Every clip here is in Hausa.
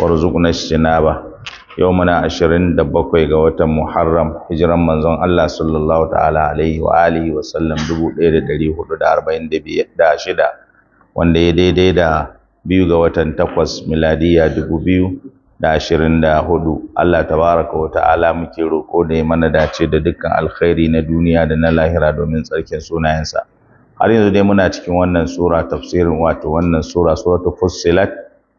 warzuqna ijtinaba yau muna bakwai ga watan Muharram hijiran manzon Allah sallallahu ta'ala alaihi wa alihi wa sallam 1446 wanda ya daidai da biyu ga watan takwas miladiya 2024 Allah tabaraka wa ta'ala muke roko da ya mana dace da dukkan alkhairi na duniya da na lahira domin tsarkin sunayensa har yanzu dai muna cikin wannan sura tafsirin wato wannan sura suratul fussilat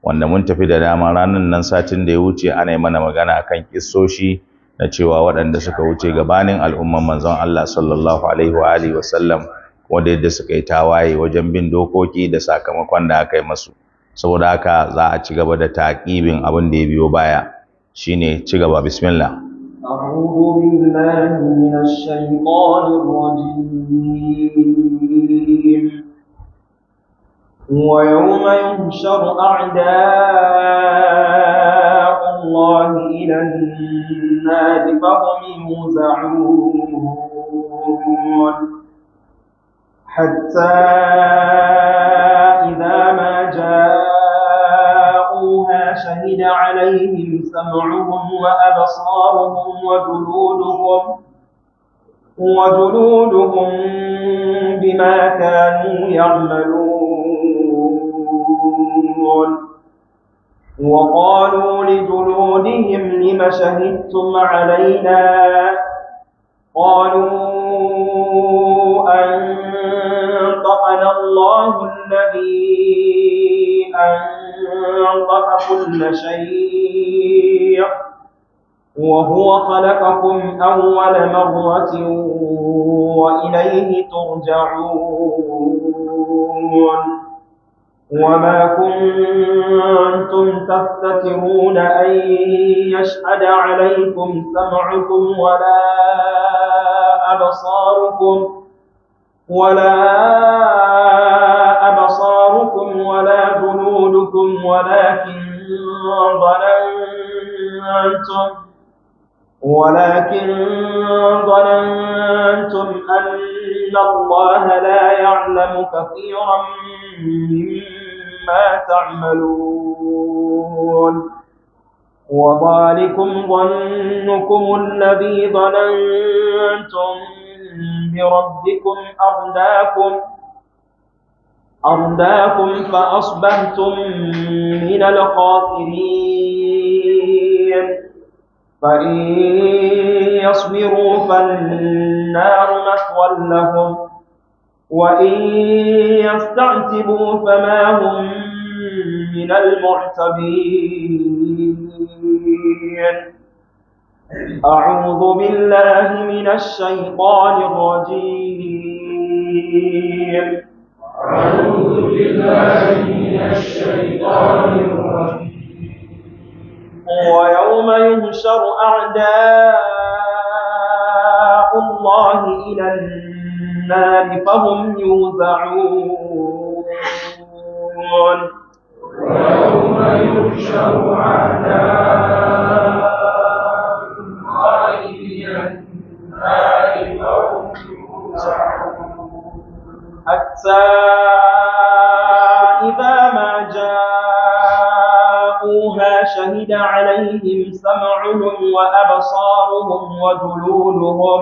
wanda mun tafi da dama ranar nan satin da ya wuce ana yi mana magana akan kissoshi na cewa waɗanda suka wuce gabanin al'umman manzon Allah sallallahu alaihi wa alihi wasallam wanda yadda suka yi tawaye wajen bin dokoki da sakamakon da aka yi masu saboda haka za a ci gaba da taƙibin abin da ya biyo baya shine ci gaba bismillah أعوذ بالله من الشيطان الرجيم ويوم يحشر أعداء الله إلى النار فهم يوزعون حتى إذا ما جاءوها شهد عليهم سمعهم وأبصارهم وجلودهم وجلودهم بما كانوا يعملون مسلمون وقالوا لجلودهم لم شهدتم علينا قالوا أنطقنا الله الذي أنطق كل شيء وهو خلقكم أول مرة وإليه ترجعون وما كنتم تفتكرون أن يشهد عليكم سمعكم ولا أبصاركم ولا أبصاركم ولا جنودكم ولكن ظننتم ولكن ظننتم أن الله لا يعلم كثيرا مما ما تعملون وذلكم ظنكم الذي ظننتم بربكم أرداكم أرداكم فأصبحتم من الخاسرين فإن يصبروا فالنار مثوى لهم وإن يستعتبوا فما هم من المعتبين أعوذ بالله من الشيطان الرجيم أعوذ بالله من الشيطان الرجيم ويوم يهشر أعداء الله إلى النار النار فهم يوزعون ويوم يحشر أعداء يوزعون حتى إذا ما جاءوها شهد عليهم سمعهم وأبصارهم وجلودهم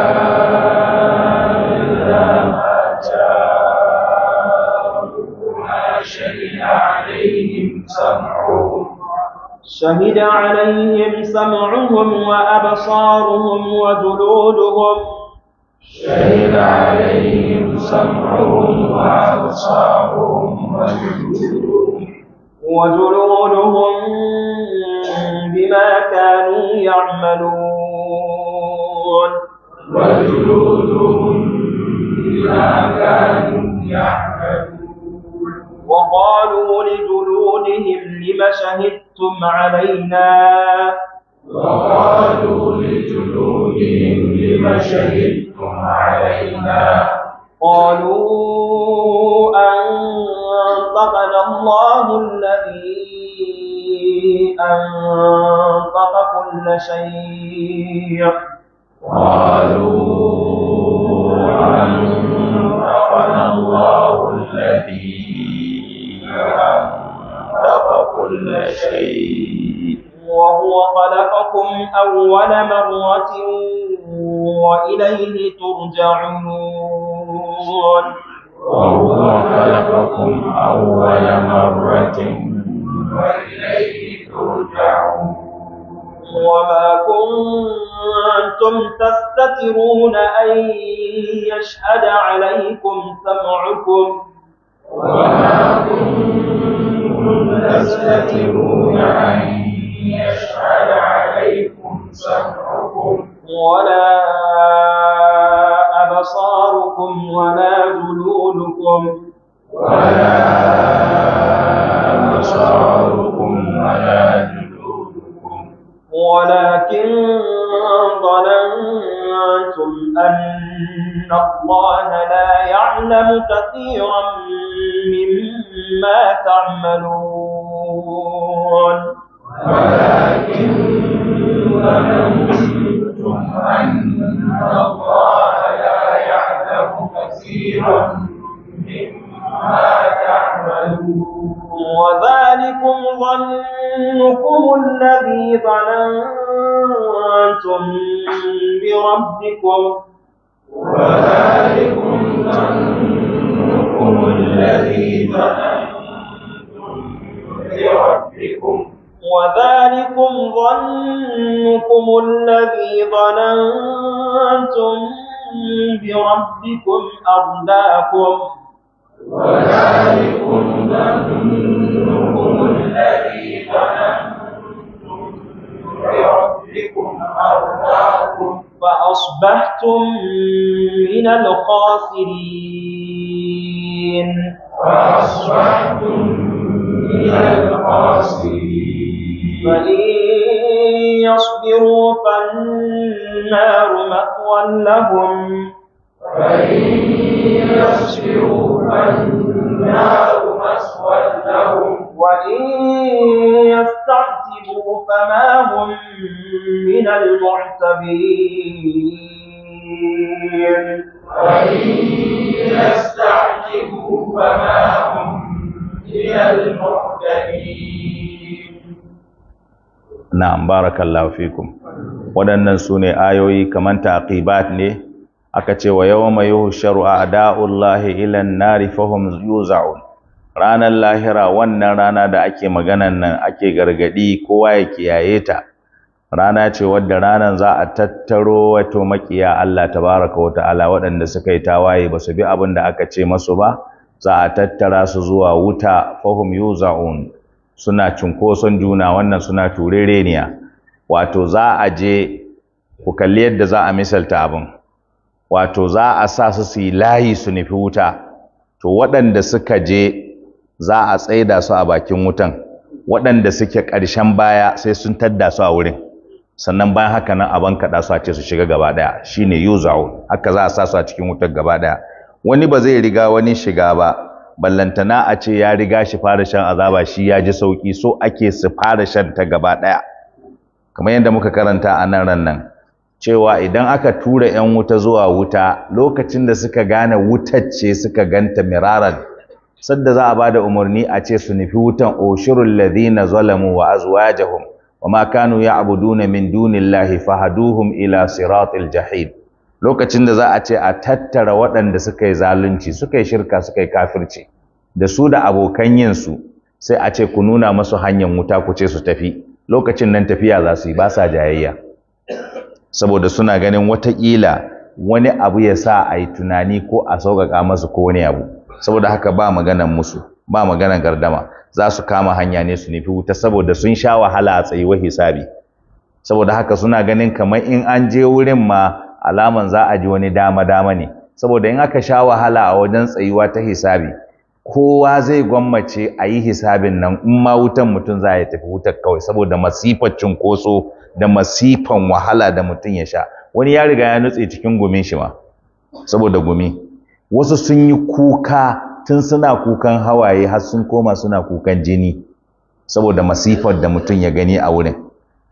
شهد عليهم سمعهم وأبصارهم وجلودهم شهد عليهم سمعهم وأبصارهم وجلودهم وجلودهم بما كانوا يعملون وجلودهم بما كانوا يعملون وقالوا لجلودهم لم شهدتم علينا وقالوا لجلودهم لم شهدتم علينا قالوا أنطقنا الله الذي أنطق كل شيء قالوا أنطقنا الله الذي خلق كل شيء وهو خلقكم أول مرة وإليه ترجعون وهو خلقكم أول مرة وإليه ترجعون وما كنتم تستترون أن يشهد عليكم سمعكم وما كنتم تستترون أن يشهد عليكم سمعكم ولا أبصاركم ولا جلودكم ولا أبصاركم ولا جلودكم ولكن ظننتم أن الله لا يعلم كثيرا مما تعملون ولكن أرضاكم وذلكم ظنكم الذي ظننتم بربكم أرضاكم فأصبحتم من الخاسرين فأصبحتم من الخاسرين فإن يصبروا فالنار مثوى لهم فالنار لهم وإن فما هم من وإن فما هم من نعم بارك الله فيكم ودنا سوني ايوي كمان تعقيبات taƙibat aka ce wa A yuhsharu a'da'ullahi ilan an-nari fahum yuz'un ranar lahira wannan rana da ake maganan nan ake gargadi kowa ya kiyaye ta rana ce wadda ranar za a tattaro wato makiya Allah tabaraka wa ta'ala waɗanda suka yi tawaye ba su bi abin da aka ce masu ba za a tattara su zuwa wuta fahum yuzaun suna cunkoson juna wannan suna turereniya wato za a je ku kalli yadda za a misalta abin wato za a sa su su layi su nufi wuta to waɗanda suka je za a tsaida su a bakin wutan waɗanda suke ƙarshen baya sai sun tadda su a wurin sannan bayan haka nan abin kaɗa su a ce su shiga gaba ɗaya shine yuzaun haka za a sa su a cikin wutar gaba ɗaya wani ba zai riga wani shiga ba ballantana a ce ya riga shi fara shan azaba shi ya ji sauki so ake su fara shan ta gaba ɗaya kamar yadda muka karanta a nan ran nan cewa idan aka tura 'yan wuta zuwa wuta lokacin da suka gane wuta ce suka ganta miraran sadda za a ba da umarni a ce su nufi wutan Oshirun, Ladina, zalamu wa azwajahum wa ma kanu abuduna min dunillahi fahaduhum ila siratil jahim lokacin da za a ce a tattara waɗanda suka yi zalunci suka yi shirka suka yi kafirci da su da abokan yin sai a ce ku nuna masu hanyar wuta ku ce su tafi lokacin nan tafiya za su yi ba sa jayayya saboda suna ganin watakila wani abu ya sa a yi tunani ko a sauƙaƙa masu ko wani abu saboda haka ba maganan musu ba maganan gardama za su kama hanya ne su nufi wuta saboda sun sha wahala a tsayuwar hisabi saboda haka suna ganin kamar in an je wurin ma alaman za a ji wani dama dama ne saboda in aka sha wahala a wajen tsayuwa ta hisabi kowa zai gwammace a yi hisabin nan in ma wutan mutum za ya tafi wutar kawai saboda masifar cunkoso da masifan wahala da mutum ya sha wani ya riga ya nutse cikin gumin shi ma saboda gumi wasu sun yi kuka tun suna kukan hawaye har sun koma suna kukan jini saboda masifar da mutum ya gani a wurin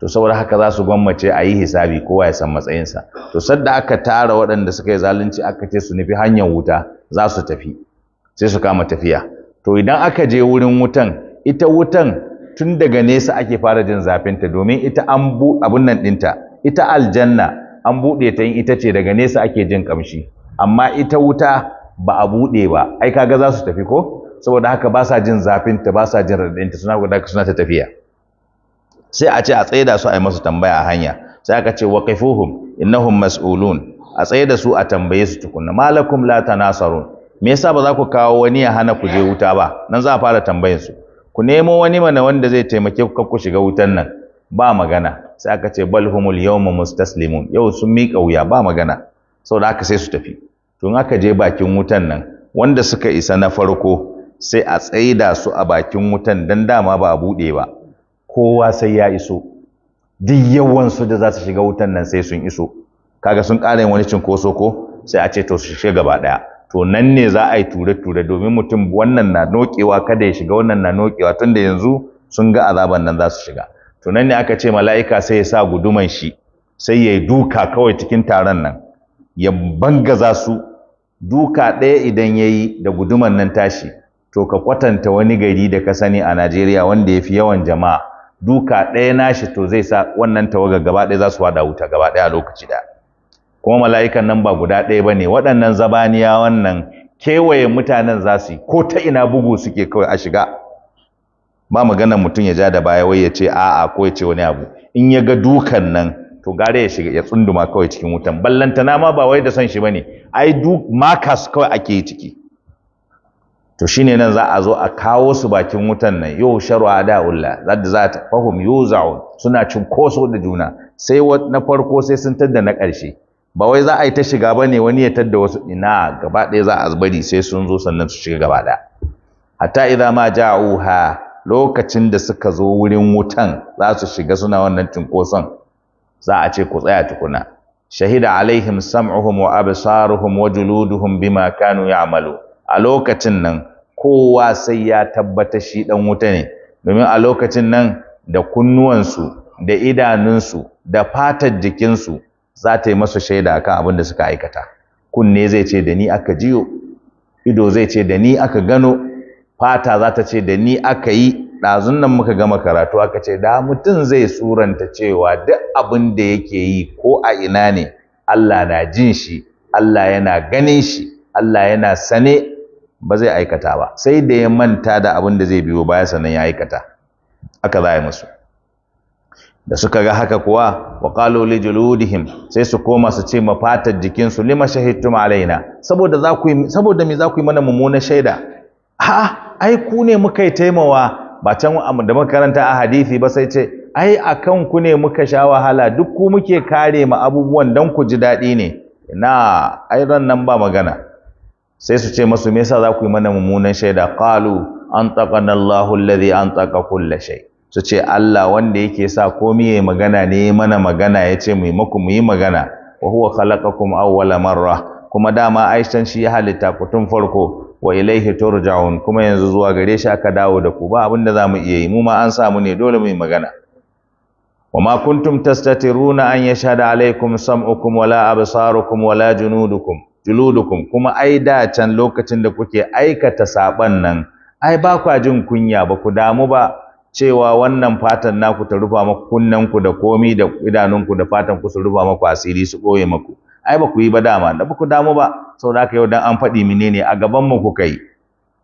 to saboda haka za su gwammace a yi hisabi kowa ya san matsayinsa to sadda aka tara waɗanda suka yi zalunci aka ce su nufi hanyar wuta za su tafi sai su kama tafiya to idan aka je wurin wutan ita wutan tun daga nesa ake fara jin zafinta domin ita an bu abun nan dinta, ita aljanna an buɗe ta yin ita ce daga nesa ake jin kamshi. amma ita wuta ba a buɗe ba ai kaga za su tafi ko saboda haka ba sa jin zafinta ba sa jin raɗinta suna guda suna ta tafiya sai a ce a tsaye da su a yi masu tambaya a hanya sai aka ce waqifuhum innahum mas'ulun a tsaye da su a tambaye su tukunna malakum la tanasarun me yasa ba za ku kawo wani ya hana ku je wuta ba nan za a fara tambayar su ku nemo wani mana wanda zai taimake ku ku shiga wutan nan ba magana sai aka ce bal humul yawma mustaslimun yau sun miƙa wuya ba magana saboda aka sai su tafi to in aka je bakin wutan nan wanda suka isa na farko sai a tsaida su a bakin wutan dan dama ba a buɗe ba kowa sai ya iso duk yawan su da za su shiga wutan nan sai sun iso kaga sun ƙara yin wani cinkoso ko sai a ce to su shiga gaba ɗaya to nan ne za a yi ture-ture domin mutum wannan na nokewa kada ya shiga wannan na nokewa da yanzu sun ga azaban nan za su shiga to nan ne aka ce mala'ika sai ya sa guduman shi sai ya yi duka kawai cikin taron nan ya banga za su duka ɗaya idan ya yi da guduman nan tashi to ka kwatanta wani gari da ka sani a Najeriya wanda ya fi yawan jama'a duka ɗaya nashi to zai sa wannan tawaga gaba ɗaya za su wada wuta gaba ɗaya a lokaci ɗaya kuma mala'ikan nan ba guda ɗaya ba ne waɗannan zabaniya wannan kewaye mutanen za su yi ko ta ina bugu suke kawai a shiga ba magana mutum ya ja da baya wai ya ce a'a ko ya ce wani abu in ya ga dukan nan to gare ya shiga ya tsunduma kawai cikin wutan na ma ba wai da san shi bane ai duk makas kawai ake yi ciki to shine nan za a zo a kawo su bakin wutan nan yau sharu da zadda za ta fahum yuzaun suna cin koso da juna sai na farko sai sun tadda na ƙarshe ba wai za a yi ta shiga ba ne wani ya tadda wasu ina gaba ɗaya za a bari sai sun zo sannan su shiga gaba ɗaya hatta idza ma ja'uha lokacin da suka zo wurin wutan za su shiga suna wannan cinkoson za a ce ku tsaya tukuna shahida alaihim sam'uhum wa absaruhum wa juluduhum bima kanu ya'malu a lokacin nan kowa sai ya tabbata shi dan wuta ne domin a lokacin nan da kunnuwansu da idanunsu da fatar jikinsu za ta yi masa shaida kan abin da suka aikata kunne zai ce da ni aka jiyo ido zai ce da ni aka gano fata za ta ce da ni aka yi ɗazun nan muka gama karatu aka ce da mutum zai suranta cewa duk abin da yake yi ko a ina ne Allah na jin shi Allah yana ganin shi Allah yana sane ba zai aikata ba sai da ya manta da abin da zai biyo baya sannan ya aikata aka za masu da suka ga haka kuwa wa qalu li juludihim sai su koma su ce ma fatar jikin su lima alaina saboda za ku saboda me za ku yi mana mummunan shaida Ha! ai ku ne muka yi taimawa ba can da muka karanta a hadisi ba sai ce ai akan ku ne muka sha wahala duk ku muke kare ma abubuwan dan ku ji daɗi ne na ai ran nan ba magana sai su ce masu me yasa za ku yi mana mummunan shaida qalu an taqana Allahu an tsaka kulli shay su ce Allah wanda yake sa komai ya magana ne mana magana ya ce maku mu yi magana wa huwa khalaqakum awwala marra kuma dama ai shi ya halitta ku tun farko wa ilaihi turja'un kuma yanzu zuwa gare shi aka dawo da ku ba abin da zamu iya yi mu ma an samu ne dole mu yi magana wa ma kuntum tastatiruna an yashhada alaikum sam'ukum wala absarukum wala junudukum juludukum kuma ai da can lokacin da kuke aikata saban nan ai ba ku jin kunya ba ku damu ba cewa wannan fatan naku ta rufa maku kunnanku da komi da idanunku da fatan ku su rufa maku asiri su ɓoye maku ai ba ku yi ba dama da ba ku damu ba sau da yau dan an faɗi ne a gaban mu kuka yi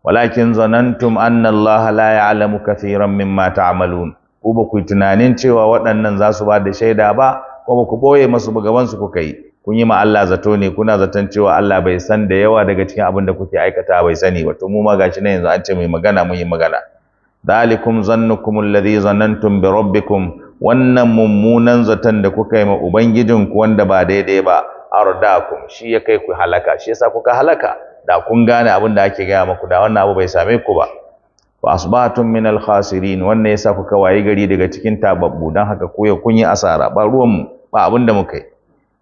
walakin zanantum anna Allah la ya'lamu kathiran mimma ta'malun ku ba ku tunanin cewa waɗannan za su ba da shaida ba ko ba ku ɓoye masu ba gaban su kuka yi kun yi ma Allah zato ne kuna zaton cewa Allah bai san da yawa daga cikin abin da kuke aikata bai sani To mu ma gashi na yanzu an ce mai magana mun yi magana dalikum zannukum alladhi zannantum bi rabbikum wannan mummunan zaton da kuka yi ma ubangijin ku wanda ba daidai ba ardakum shi ya kai ku halaka shi yasa kuka halaka da kun gane abin da ake gaya muku da wannan abu bai same ku ba wa asbatum min al khasirin wannan yasa kuka waye gari daga cikin tababbu dan haka ko kun yi asara ba ruwan mu ba abin da muka yi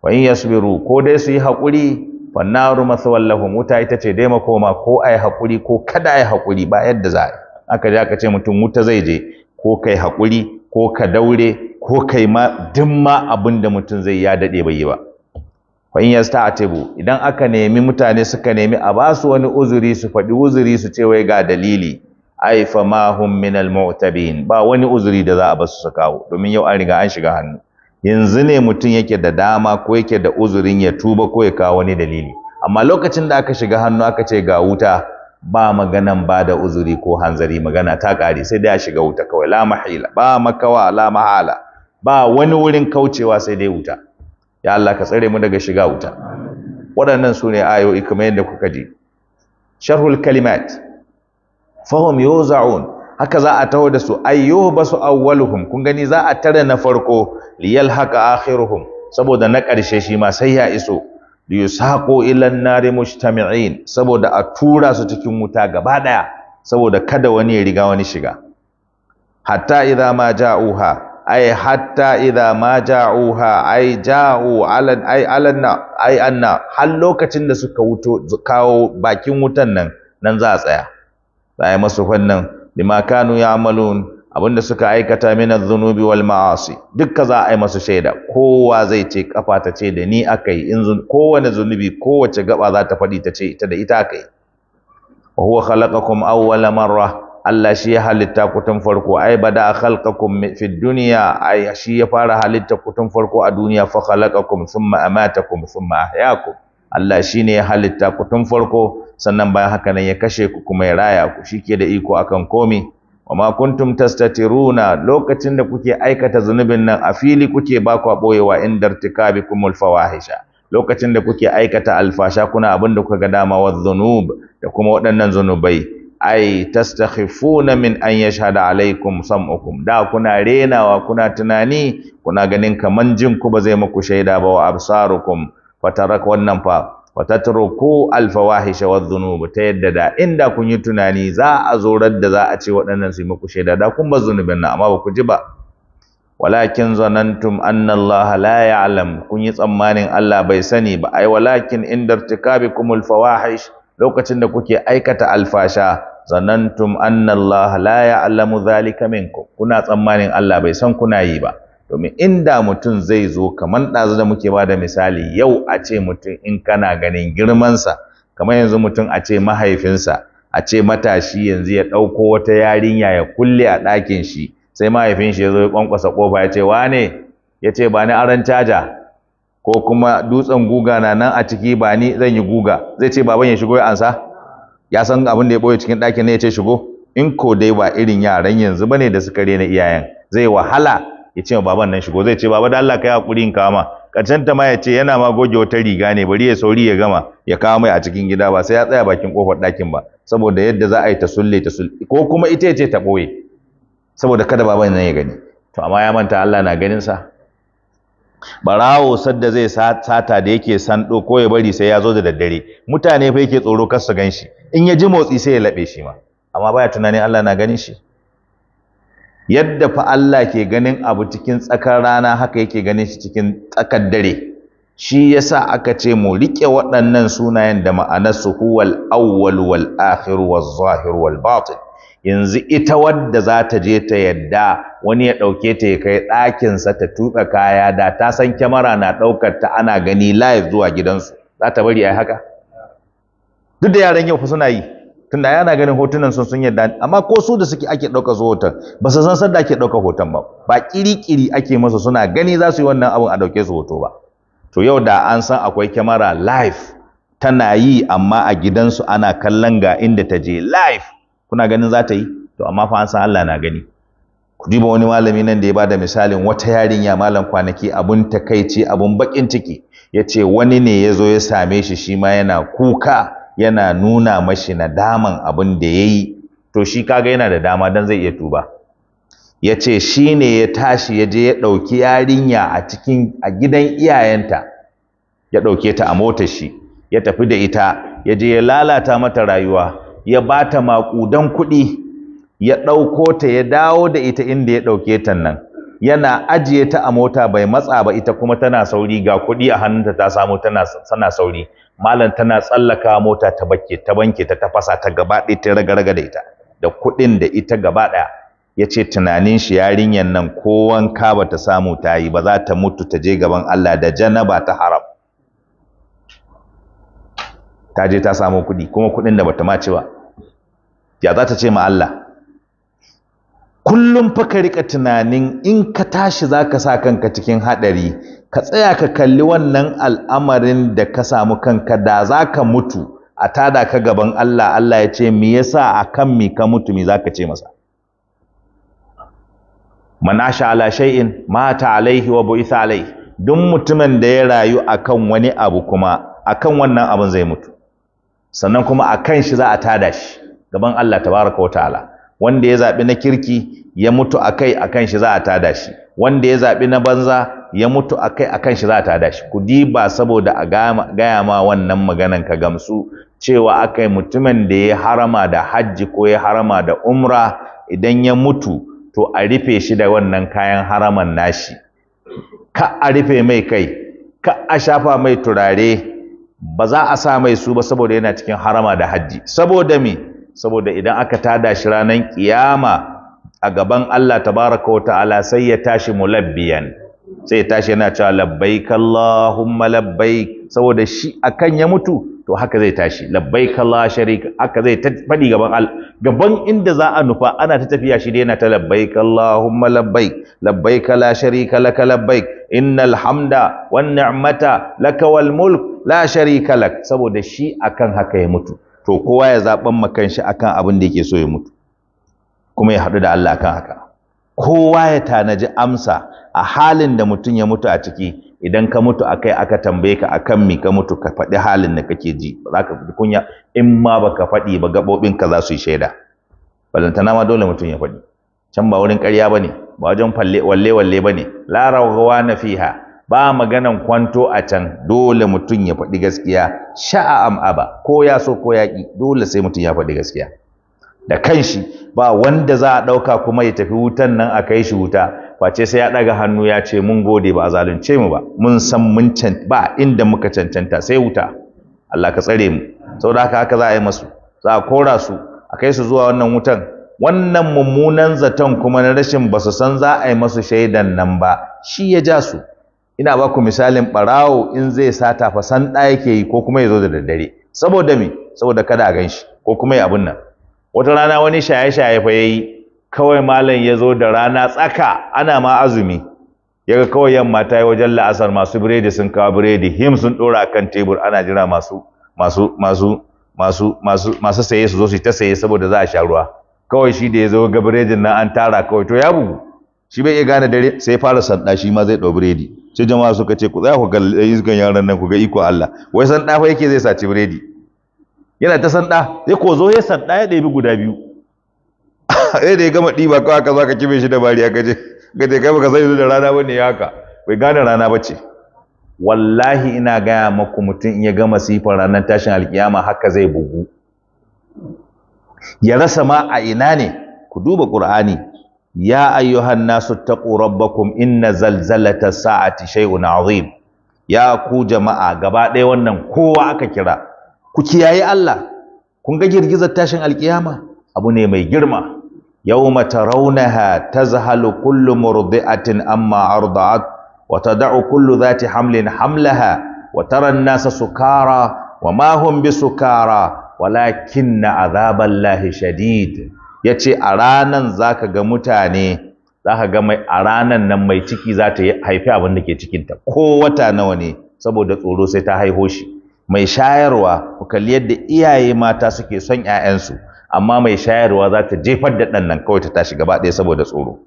wa in yasbiru ko dai su yi hakuri fannaru naru wuta ita ce dai makoma ko ai hakuri ko kada ai hakuri ba yadda za aka je aka ce mutum wuta zai je ko kai hakuri, ko ka daure ko kai ma duk ma abin da mutum zai ya daɗe bai yi ba fa in a tebu, idan aka nemi mutane suka nemi a ba su wani uzuri su faɗi uzuri su ce wai ga dalili ai fa ma hum min al mu'tabin ba wani uzuri da za a basu su kawo domin yau an riga an shiga hannu yanzu ne mutum yake da dama ko yake da uzurin ya tuba ko ya kawo wani dalili amma lokacin da aka shiga hannu aka ce ga wuta ba maganan ba da uzuri ko hanzari magana ta ƙare sai dai a shiga wuta kawai la mahila ba makawa la mahala ba wani wurin kaucewa sai dai wuta ya Allah ka tsare mu daga shiga wuta waɗannan su ne ayoyi kamar yadda kuka ji sharhul kalimat fahum yuza'un haka za a taho da su ayyuhu basu awwaluhum kun gani za a tare na farko liyal haka akhiruhum saboda na ƙarshe shi ma sai ya iso liyusaqu ilan nari mujtami'in saboda a tura su cikin wuta gaba daya saboda kada wani ya riga wani shiga hatta idza ma ja'uha ay hatta idza ma ja'uha ay ja'u ala ay alanna ay anna har lokacin da suka wuto kawo bakin wutan nan nan za a tsaya bayan masu fannin lima kanu ya'malun abinda suka aikata min zunubi wal ma'asi dukka za a yi masa shaida kowa zai ce kafa ta ce da ni akai in kowane zunubi kowace gaba za ta faɗi ta ce ita da ita akai wa huwa khalaqakum awwala marra Allah shi ya halitta ku tun farko ai bada khalqakum fi dunya ai shi ya fara halitta ku tun farko a duniya fa khalaqakum thumma amatakum thumma ahyakum Allah shi ne ya halitta ku tun farko sannan bayan haka nan ya kashe ku kuma ya raya ku shike da iko akan komai wama kuntum tastatiruna lokacin da kuke aikata zunubin nan a fili kuke ba ku boyewa inda irtikabikumul fawahisha lokacin da kuke aikata alfasha kuna abin da kuka ga dama wa dhunub da kuma waɗannan zunubai ai tastakhifuna min an yashhada alaikum sam'ukum da kuna renawa kuna tunani kuna ganin kaman jin ku ba zai muku shaida ba wa absarukum fatarak wannan fa wa ko alfawahisha wadh-dhunub ta yadda da inda kun yi tunani za a zo radda za a ce waɗannan su muku shaida da kun ba zunubin nan amma ba ku ji ba walakin zanantum anna Allah la ya'lam kun yi tsammanin Allah bai sani ba ai walakin inda irtikabikumul fawahish lokacin da kuke aikata alfasha zanantum anna Allah la ya'lamu dhalika minkum kuna tsammanin Allah bai san kuna yi ba domin inda mutum zai zo kamar ɗazu da muke ba da misali yau a ce mutum in kana ganin girmansa kamar yanzu mutum a ce mahaifinsa a ce matashi yanzu ya ɗauko wata yarinya ya kulle a ɗakin shi sai mahaifin shi ya zo ya ƙwanƙwasa ƙofa ya ce wane ya ce ba ni aron caja ko kuma dutsen guga na nan a ciki ba ni zan yi guga zai ce baban ya shigo ya ansa ya san abin da ya ɓoye cikin ɗakin ne ya ce shigo in ko dai ba irin yaran yanzu ba ne da suka rena iyayen zai wahala ya ce baban nan shigo zai ce baba da Allah kai hakuri in kama karshen ta ma ya ce yana ma goge wata riga ne bari ya sauri ya gama ya kawo mai a cikin gida ba sai ya tsaya bakin kofar ɗakin ba saboda yadda za a yi ta sulle ta sulle ko kuma ita ya ce ta ɓoye saboda kada baban nan ya gani to amma ya manta Allah na ganin sa barawo sadda zai sata da yake sando ko ya bari sai ya zo da daddare mutane fa yake tsoro kar su gan in ya ji motsi sai ya laɓe shi ma amma baya tunanin Allah na ganin shi yadda fa Allah ke ganin abu cikin tsakar rana haka yake ganin shi cikin tsakar dare shi yasa aka ce mu rike waɗannan sunayen da ma'anarsu huwal awwal wal akhir wal zahir wal batin yanzu ita wadda za ta je ta yadda wani ya ɗauke ta ya kai ɗakinsa ta tuɓe kaya da ta san kyamara na ɗaukar ta ana gani live zuwa gidansu za ta bari a haka duk da yaran yau fa suna yi tunda yana ganin hotunan sun sun yadda amma ko su da suke ake ɗauka su hoton ba su san sanda ake ɗauka hoton ba ba ƙiri ƙiri ake masa suna gani za su yi wannan abin a ɗauke su hoto ba to yau da an san akwai kyamara live tana yi amma a gidansu ana kallon ga inda ta je live kuna ganin za ta yi to amma fa an san Allah na gani ku duba wani malami nan da ya bada misalin wata yarinya malam kwanaki abun takaici abun bakin ciki yace wani ne ya zo ya same shi shi ma yana kuka yana nuna mashi nadaman abin da ya yi to shi kaga yana da dama don zai iya tuba ya ce shi ne ya tashi ya je ya ɗauki yarinya a cikin a gidan iyayenta ya ɗauke ta a motar shi ya tafi da ita ya je ya lalata mata rayuwa ya ba ta maƙudan kuɗi ya ɗauko ta ya dawo da ita inda ya ɗauke ta nan yana ajiye ta a mota bai matsa ba ita kuma tana sauri ga kuɗi a hannunta ta samu tana sana sauri malam tana tsallaka mota ta bakke ta banke ta ta fasa ta gaba ɗaya ta raga raga da ita da kuɗin da ita gaba ɗaya ya tunanin shi yarinyar nan ko wanka ba ta samu ta yi ba za ta mutu ta je gaban Allah da janaba ta haram ta je ta samu kuɗi kuma kuɗin da bata ma ci ba ya za ta ce ma Allah kullum fa ka rika tunanin in ka tashi za ka sa kanka cikin haɗari ka tsaya ka kalli wannan al'amarin da ka samu kanka da za ka mutu a tada ka gaban Allah Allah ya ce me yasa kan mi ka mutu mi za ka ce masa manasha ala shay'in mata alaihi wa bu'itha alaihi duk mutumin da ya rayu akan wani abu kuma akan wannan abun zai mutu sannan kuma akan shi za a tada shi gaban Allah tabaraka wa ta'ala wanda ya zaɓi na kirki ya mutu a kai a kan shi za a tada shi wanda ya zaɓi na banza ya mutu a kai a kan shi za a tada shi ku diba saboda a gaya ma wannan maganan ka gamsu cewa akai mutumin da ya harama da hajji ko ya harama da umra idan ya mutu to a rufe shi da wannan kayan haraman nashi ka a rufe mai kai ka a shafa mai turare ba za a sa mai su ba saboda yana cikin harama da hajji saboda me saboda idan aka tada shi ranar kiyama a gaban Allah tabaraka wa ta'ala sai ya tashi mulabbiyan sai ya tashi yana cewa labbaik Allahumma labbaik saboda shi akan ya mutu to haka zai tashi labbaik Allah sharika haka zai fadi gaban Allah gaban inda za a nufa ana ta tafiya shi dai yana ta labbaik Allahumma labbaik labbaik la sharika laka labbaik innal hamda wan ni'mata laka wal mulk la sharika lak saboda shi akan haka ya mutu to kowa ya zaɓan ma kanshi akan abin da yake so ya mutu kuma ya haɗu da Allah akan haka kowa ya tanaji amsa a halin da mutum ya mutu a ciki idan ka mutu akai aka tambaye ka akan me ka mutu ka faɗi halin da kake ji ba za ka fi kunya in ma baka faɗi ba gaɓoɓinka za su yi shaida balantana ma dole mutum ya faɗi can ba wurin ƙarya bane ba wajen falle walle walle bane la rawawa na fiha ba maganan kwanto a can dole mutum ya faɗi gaskiya sha'a am aba ko ya so ko ya dole sai mutum ya faɗi gaskiya da kanshi ba wanda za a ɗauka kuma ya tafi wutan nan a kai shi wuta face sai ya ɗaga hannu ya ce mun gode ba a zalunce mu ba mun san mun can ba inda muka cancanta sai wuta Allah ka tsare mu saboda haka haka za a yi masu za a kora su a kai su zuwa wannan wutan wannan mummunan zaton kuma na rashin ba su san za a yi masu shaidan nan ba shi ya ja su ina ba ku misalin ɓarawo in zai sata fa san yake yi ko kuma ya zo da daddare saboda me saboda kada a gan shi ko kuma ya abin nan wata rana wani shaye-shaye fa yayi kawai malam ya zo da rana tsaka ana ma azumi yaga kawai yamma ta yi wajen la'asar masu biredi sun kawo biredi him sun ɗora a kan tebur ana jira masu masu masu masu masu masu saye su zo su ta saye saboda za a sha ruwa kawai shi da ya zo ga biredin nan an tara kawai to ya bugu shi bai iya gane dare sai fara sanda shi ma zai ɗau biredi sai jama'a suka ce ku za ku ga izgan yaran nan ku ga iko Allah wai san da fa yake zai saci biredi yana ta san da sai ko zo ya san da ya ɗebi guda biyu sai da ya gama ɗiba kawai aka zaka kibe shi da bari aka je ka kai baka sai da rana bane ya haka bai gane rana bace wallahi ina gaya maku mutum in ya gama sifar ranar tashin alkiyama haka zai bugu ya rasa ma a ina ne ku duba qur'ani يا أيها الناس اتقوا ربكم إن زلزلة الساعة شيء عظيم Ya ku jama'a gaba ɗaya wannan kowa aka kira ku kiyaye Allah kun ga girgizar tashin alkiyama abu ne mai girma Yau yawma tarawnaha tazhalu kullu murdi'atin amma arda'at wa tad'u kullu zata hamlin hamlaha wa tara an-nasa sukara wa ma hum bisukara walakinna adhaballahi shadid ya ce a ranan za ka ga mutane za ka ga mai a ranan nan mai ciki za ta haifi abin da ke cikinta ko wata nawa ne saboda tsoro sai ta haiho shi mai shayarwa ku kalli yadda iyaye mata suke son 'ya'yansu amma mai shayarwa za ta jefar da ɗan nan kawai ta tashi gaba ɗaya saboda tsoro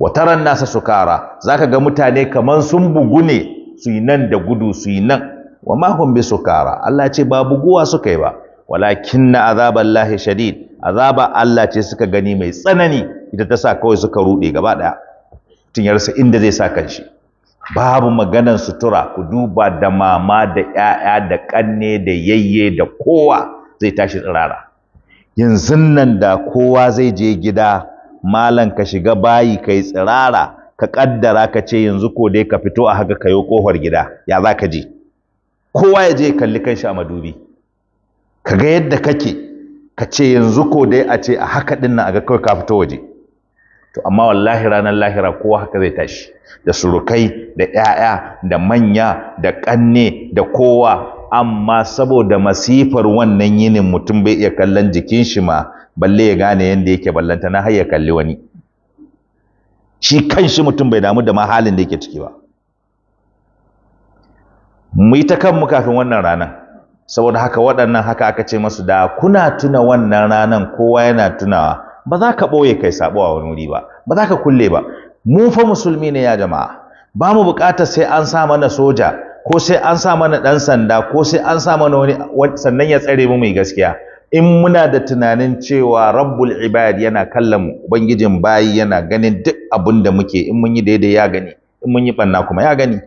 wataran nasa su sukara zaka ga mutane kaman sun bugu ne su yi nan da gudu su yi nan wa ma hum bi sukara Allah ce ba buguwa suka yi ba Walakin na walakinna azaballahi shadid azaba Allah ce suka gani mai tsanani ita ta sa kawai suka rude gaba daya tun inda zai sa kanshi babu maganar sutura ku duba da mama da 'ya'ya da kanne da yayye da kowa zai tashi tsirara yanzu nan da kowa zai je gida malam ka shiga bayi kai tsirara ka kaddara ka ce yanzu ko dai ka fito a haka kayo kofar gida ya za ka je kowa ya je kalli kanshi a madubi ka ga yadda kake ka ce yanzu ko dai a ce a haka din nan a ga kawai ka fito waje to amma wallahi ranar lahira kowa haka zai tashi da surukai da 'ya'ya da manya da ƙanne da kowa amma saboda masifar wannan yinin mutum bai iya kallon jikin shi ma balle ya gane yadda yake ballanta na har ya kalli wani shi kanshi mutum bai damu da ma halin da yake ciki ba mu yi ta kanmu kafin wannan ranar saboda haka waɗannan haka aka ce masu da kuna tuna wannan ranan kowa yana tunawa ba za ka ɓoye kai sabo a wani wuri ba ba za ka kulle ba mu fa musulmi ne ya jama'a ba mu buƙatar sai an sa mana soja ko sai an sa mana ɗan sanda ko sai an sa mana wani sannan ya tsare mu mai gaskiya in muna da tunanin cewa rabbul ibad yana kallon mu ubangijin bayi yana ganin duk abin da muke in mun yi daidai ya gani in mun yi ɓanna kuma ya gani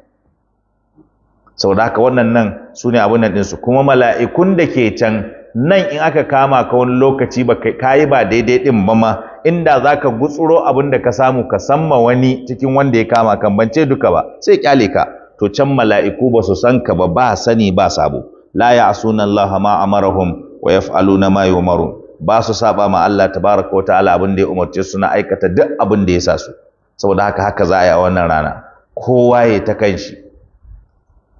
da haka wannan nan su ne abin nan kuma mala'ikun da ke can nan in aka kama ka wani lokaci ba ka yi ba daidai ɗin ba ma inda za ka gutsuro abin da ka samu ka samma wani cikin wanda ya kama kan bance duka ba sai kyale ka to can mala'iku ba su san ka ba ba sani ba sabo la a Allah ma amarahum wa na ma Umaru? ba su saba ma Allah tabaraka wa ta'ala abin da ya umarce su na aikata duk abin da ya sa su saboda haka haka za a yi wannan rana kowa ya ta kan shi.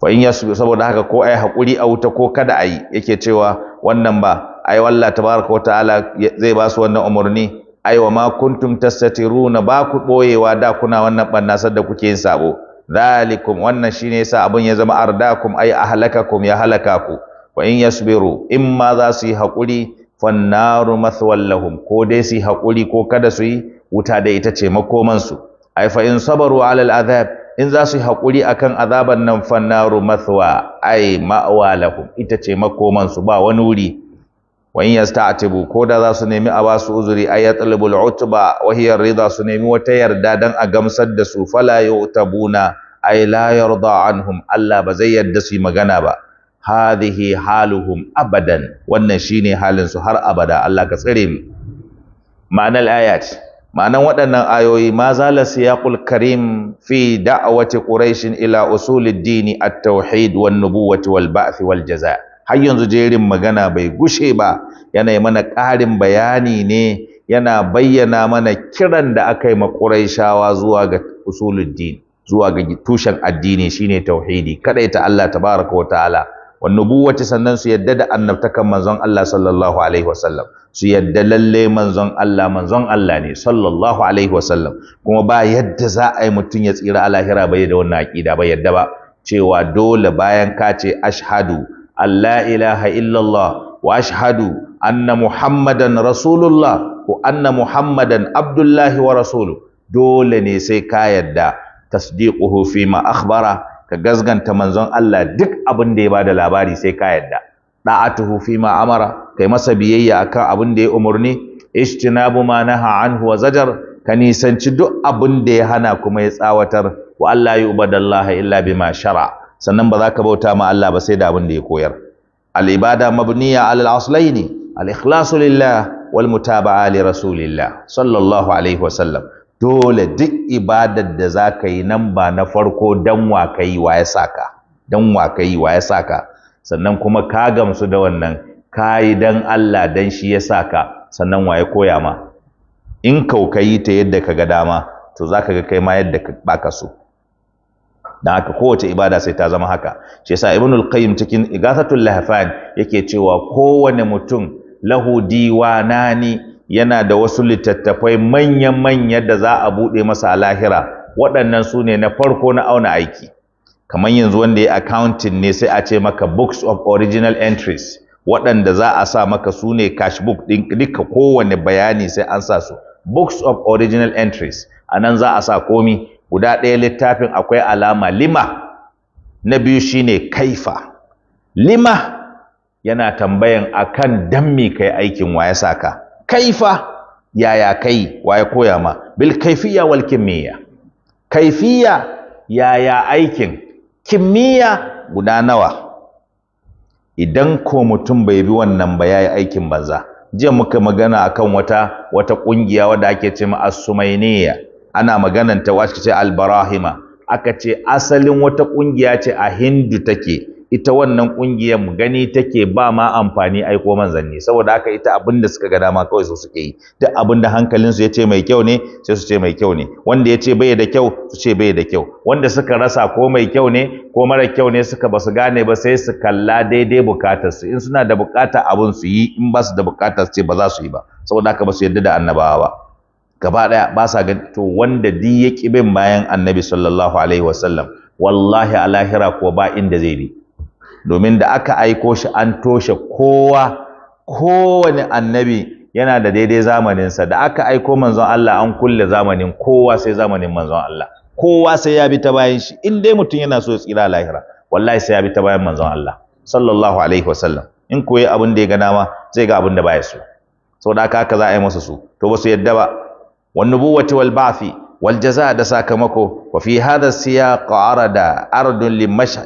fa in saboda haka ko ai hakuri a wuta ko kada ai yake cewa wannan ba ai wallahi tabaraka wa ta'ala zai ba su wannan umarni ai wa ma kuntum tastatiruna ba ku boyewa da kuna wannan banna da kuke yin sabo zalikum wannan shine yasa abun ya zama ardakum ai ahlakakum ya halaka ku wa in yasbiru in ma za su yi hakuri fannaru mathwal lahum ko dai su yi hakuri ko kada su yi wuta da ita ce makomansu. ai fa in sabaru ala al in za su yi haƙuri akan azaban nan fannaru mathwa ai ma'awa lahum ita ce makoman su ba wani wuri wa in yasta'tibu ko da za su nemi a basu uzuri ay yatlubul utba wa wahiyar rida su nemi wata yarda dan a gamsar da su fala yu'tabuna ai la yarda anhum Allah ba zai yarda su yi magana ba hadhihi haluhum abadan wannan shine halin su har abada Allah ka tsare mu ma'anar ayat ma'anan waɗannan ayoyi ma zala siyaqul karim fi da'awati quraishin ila usulid dini at-tauhid wan nubuwati wal ba'th wal jaza har yanzu jerin magana bai gushe ba yana mana ƙarin bayani ne yana bayyana mana kiran da aka yi ma quraishawa zuwa ga usulud din zuwa ga tushen addini shine tauhidi ta Allah tabaraka wa ta'ala wa nubuwati sannan su yadda da annabtaka manzon Allah sallallahu alaihi su yadda lalle manzon Allah manzon Allah ne sallallahu kuma ba yadda za a yi mutum ya tsira Alahira lahira bai da wannan aqida ba yadda ba cewa dole bayan kace ce ashhadu alla ilaha illallah wa ashhadu anna muhammadan rasulullah ko anna muhammadan abdullahi wa rasuluhu dole ne sai ka yadda tasdiquhu fi ma akhbara ka gazganta manzon Allah duk abin da ya bada labari sai ka yadda da'atuhu fi ma amara kai masa biyayya akan abin da ya umurni ijtinabu ma naha anhu wa zajar ka nisanci duk abin da ya hana kuma ya tsawatar wa Allah yubadallaha illa bima shara sannan ba za ka bauta ma Allah ba sai da abin da ya koyar al ibada mabniya ala al aslaini al ikhlasu lillah wal mutaba'a li rasulillah sallallahu alaihi wa sallam dole duk ibadar da za ka yi nan ba na farko dan wa ka wa ya saka dan wa ka wa ya saka sannan kuma ka gamsu da wannan ka yi don Allah dan shi ya ka, sannan wa ya koya ma in kaukayi ta yadda ka ga dama to za ka ga kai ma yadda baka so dan haka kowace ibada sai ta zama haka shi yasa ibnul qayyim cikin igathatul lahfan yake cewa kowane mutum lahu diwanani yana da wasu littattafai manya-manya da za a buɗe masa a lahira waɗannan su ne na farko na auna aiki kamar yanzu wanda ya accounting ne sai a ce maka books of original entries waɗanda za a sa maka su ne cash book ɗin duka kowane bayani sai an sa su books of original entries a nan za a sa komi guda ɗaya littafin akwai alama lima na biyu shine kaifa lima yana tambayan akan dammi me kai aikin wa ya ka? kaifa yaya kai ya koya ma bil kaifiya wal kimiyya kaifiya yaya aikin kimiyya guda nawa idan ko mutum bai bi wannan ba yayi aikin banza jiya muka magana akan wata wata kungiya wadda ake cewa as-sumainiyya ana maganan ta wace ce al-barahima aka ce asalin wata kungiya ce a Hindu take ita wannan kungiyar gani take ba ma amfani aiko manzanni saboda haka ita abinda da suka ga dama kawai su suke yi duk abin hankalin su yace mai kyau ne sai su ce mai kyau ne wanda yace bai da kyau su ce bai da kyau wanda suka rasa ko mai kyau ne ko mara kyau ne suka basu gane ba sai su kalla daidai bukatar su in suna da bukata abin su yi in ba su da bukata su ce ba za su yi ba saboda haka ba su yarda da annabawa ba gaba daya ba sa gani to wanda di ya bin bayan annabi sallallahu alaihi wasallam wallahi a lahira ba inda zai bi domin da aka aiko shi an toshe kowa kowane annabi yana da daidai zamaninsa da aka aiko manzon Allah an kulle zamanin kowa sai zamanin manzon Allah kowa sai ya bi ta bayan shi in dai mutum yana so ya tsira lahira wallahi sai ya bi ta bayan manzon Allah sallallahu alaihi wasallam in koyi abin da ya ga dama zai ga abin da baya so saboda haka za a yi masa su to ba su yadda ba wannubuwati wal ba'thi za a da sakamako wa fi hadha siyaq arada ardun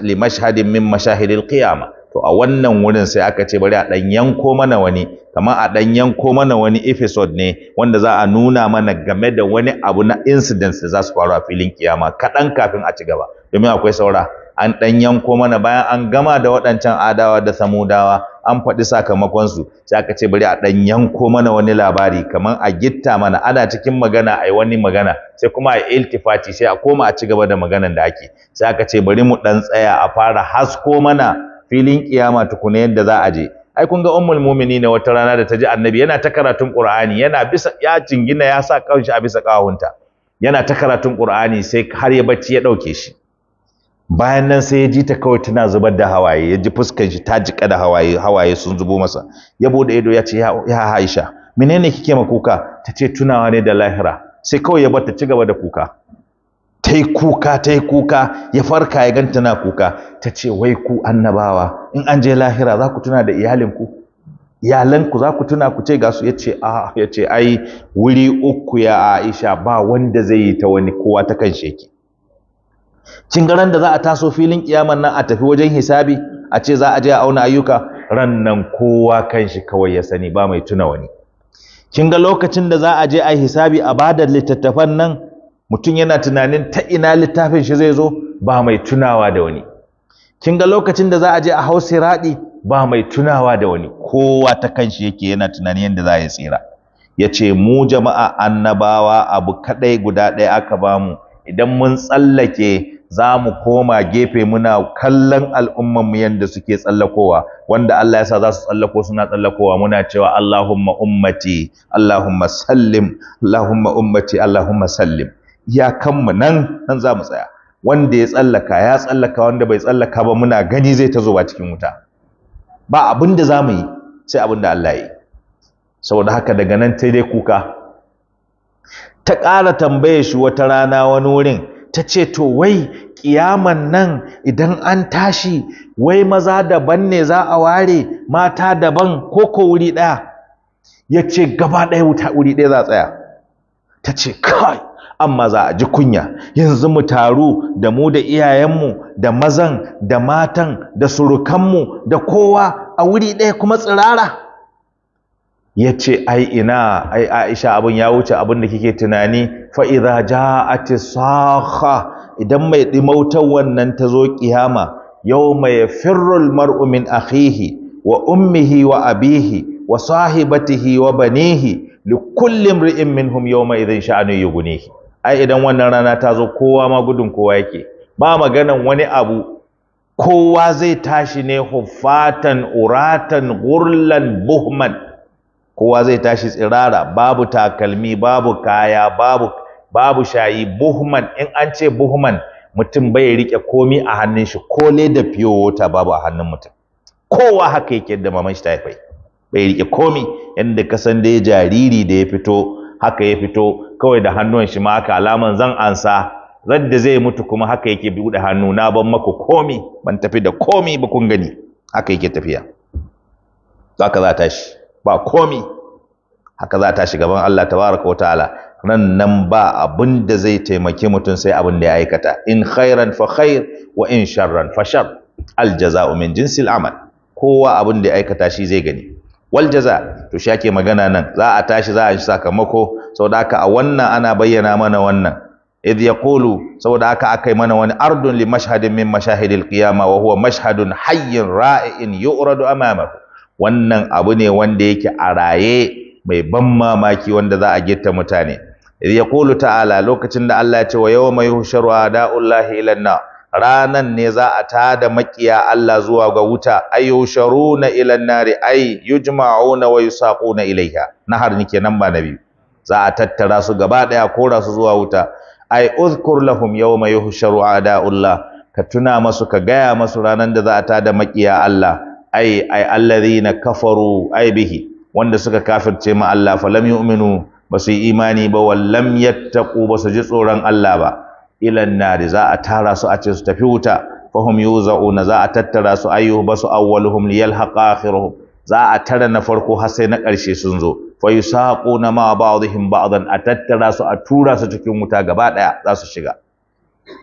li mashhadin min mashahidil qiyamah to a wannan wurin sai aka ce bari a dan yanko mana wani kamar a ɗan yanko mana wani episode ne wanda za a nuna mana game da wani abu na incidents da za su faru a filin ƙiyama kaɗan kafin a ci gaba domin akwai saura an ɗan yanko mana bayan an gama da waɗancan adawa da samudawa an faɗi sakamakonsu sai aka ce bari a ɗan yanko mana wani labari kamar a gitta mana ana cikin magana a wani magana sai kuma a iltifati sai a koma a ci gaba da maganan da ake sai aka ce bari mu ɗan tsaya a fara hasko mana filin kiyama tukuna yadda za a je ai kun ga ummul ne wata rana da ta ji annabi yana ta karatun qur'ani yana bisa ya jingina ya sa kanshi a bisa kawunta yana ta karatun qur'ani sai har ya bacci ya ɗauke shi bayan nan sai ya ji ta kawai tana zubar da hawaye ya ji fuskar shi ta jika da hawaye hawaye sun zubo masa ya bude ido ya ce ya Aisha menene kike ma kuka ta ce tunawa ne da lahira sai kawai ya bar ta ci gaba da kuka ta yi kuka ta kuka ya farka ya ganta na kuka ta ce wai ku annabawa in an je lahira za ku tuna da iyalan iyalanku za ku tuna ku ce ga ya ce ya ce ai wuri uku ya Aisha ba wanda zai yi ta wani kowa ta kan sheki kin ga ran da za a taso filin kiyaman nan a tafi wajen hisabi a ce za a je a auna ayyuka ran nan kowa kan shi kawai ya sani ba mai tuna wani kin ga lokacin da za a je a hisabi a bada littattafan nan mutum yana tunanin ta ina littafin shi zai zo ba mai tunawa da wani kin ga lokacin da za a je a hau siradi ba mai tunawa da wani kowa ta kan yake yana tunanin yadda za ya tsira ya ce mu jama'a annabawa abu kadai guda ɗaya aka bamu idan mun tsallake za mu koma gefe muna kallon al'ummanmu yadda suke tsallakowa wanda Allah ya sa za su tsallako suna tsallakowa muna cewa Allahumma ummati Allahumma sallim Allahumma ummati Allahumma sallim ya kanmu nan nan za mu tsaya wanda ya tsallaka ya tsallaka wanda bai tsallaka ba muna gani zai ta ba cikin wuta ba abin da za mu yi sai abin da Allah ya yi saboda haka daga nan sai dai kuka ta ƙara tambaye shi wata rana wani wurin ta ce to wai ƙiyaman nan idan an tashi wai maza daban ne za a ware mata daban ko ko wuri ɗaya ya ce gaba ɗaya wuta wuri ɗaya za a tsaya ta ce kai amma za a ji kunya yanzu mu taru da mu da iyayenmu da mazan da matan da surukanmu da kowa a wuri ɗaya kuma tsirara ya ce ai ina ai aisha abin ya wuce abin da kike tunani fa idza ja'ati idan mai ɗimautar wannan ta zo kiyama yawma firrul marumin min akhihi wa ummihi wa abihi wa sahibatihi wa banihi li kulli imri'in minhum yawma idhin sha'anu yughnihi ai idan wannan rana ta zo kowa ma gudun kowa yake ba maganan wani abu kowa zai tashi ne huffatan uratan gurlan buhman kowa zai tashi tsirara babu takalmi babu kaya babu babu shayi buhman in an ce buhman mutum bai rike komi a hannun shi ko le da pure water babu a hannun mutum kowa haka yake da maman shi taifai bai rike komi inda ka san dai jariri da ya fito haka ya fito kawai da hannun shi ma haka alaman zan ansa radda zai mutu kuma haka yake buɗe hannu na ban maku komi ban tafi da komi ba kun gani haka yake tafiya zaka za tashi ba komi haka za ta shiga ban Allah tabaraka wa ta'ala nan nan ba abin da zai taimaki mutum sai abin da ya aikata in khairan fa khair wa in sharran fa shar al jaza'u min jinsil amal kowa abin da ya aikata shi zai gani wal jaza to shi magana nan za a tashi za a yi sakamako saboda haka a wannan ana bayyana mana wannan idh yaqulu saboda haka akai mana wani ardun li mashhadin min mashahidil qiyama wa huwa mashhadun hayyin ra'iin yu'radu amamahu wannan abu ne wanda yake a raye mai ban mamaki wanda za a gitta mutane ya kulu ta'ala lokacin da Allah ya ce wa yawma yuhsharu a'da'ullahi ila na ranan ne za a tada makiya Allah zuwa ga wuta ay yuhsharuna ila nari ay yujma'una wa yusaquna ilaiha nahar nike nan ba nabi za a tattara su gaba daya kora su zuwa wuta ay uzkur lahum yawma yuhsharu a'da'ullah ka tuna masu ka gaya masu ranan da za a tada makiya Allah ai ai alladhina kafaru ai bihi wanda suka kafirce ma Allah fa lam yu'minu ba su yi imani ba wallam yattaqu ba su ji tsoron Allah ba ilan nari za a tara su a ce su tafi wuta fahum yuzauna za a tattara su ayyuhu basu awwaluhum liyalhaqa akhiruhum za a tara na farko har sai na karshe sun zo fa yusaquna ma ba'dihim ba'dan a tattara su a tura su cikin wuta gaba daya za su shiga